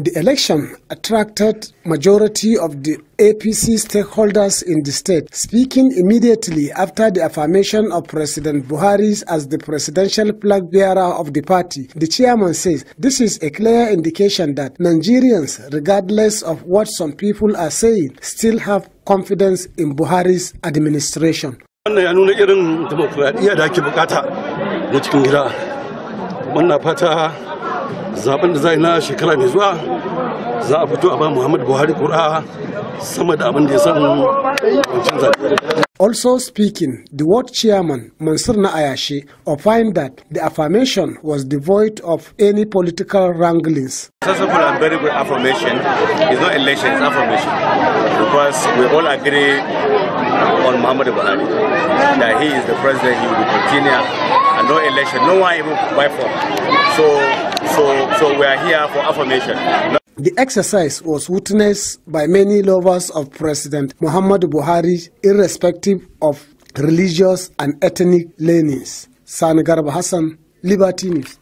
The election attracted majority of the APC stakeholders in the state, speaking immediately after the affirmation of President Buhari as the presidential flag bearer of the party. The chairman says this is a clear indication that Nigerians, regardless of what some people are saying, still have confidence in Buhari's administration. Wannan ya zaben da za na shekara mai zuwa za a fito a ba muhammadu buhari kura sama da abin da ya samu wancan zaɓe Also speaking, the world chairman, Mansur Naayashi, opined that the affirmation was devoid of any political wranglings. Successful and very good affirmation its not election, it's affirmation. Because we all agree on muhammadu Buhari that he is the president, he will continue no election, no one even by form. So, so, so we are here for affirmation. No the exercise was witnessed by many lovers of President Muhammadu Buhari, irrespective of religious and ethnic leanings. San Garba Hassan, Liberty News.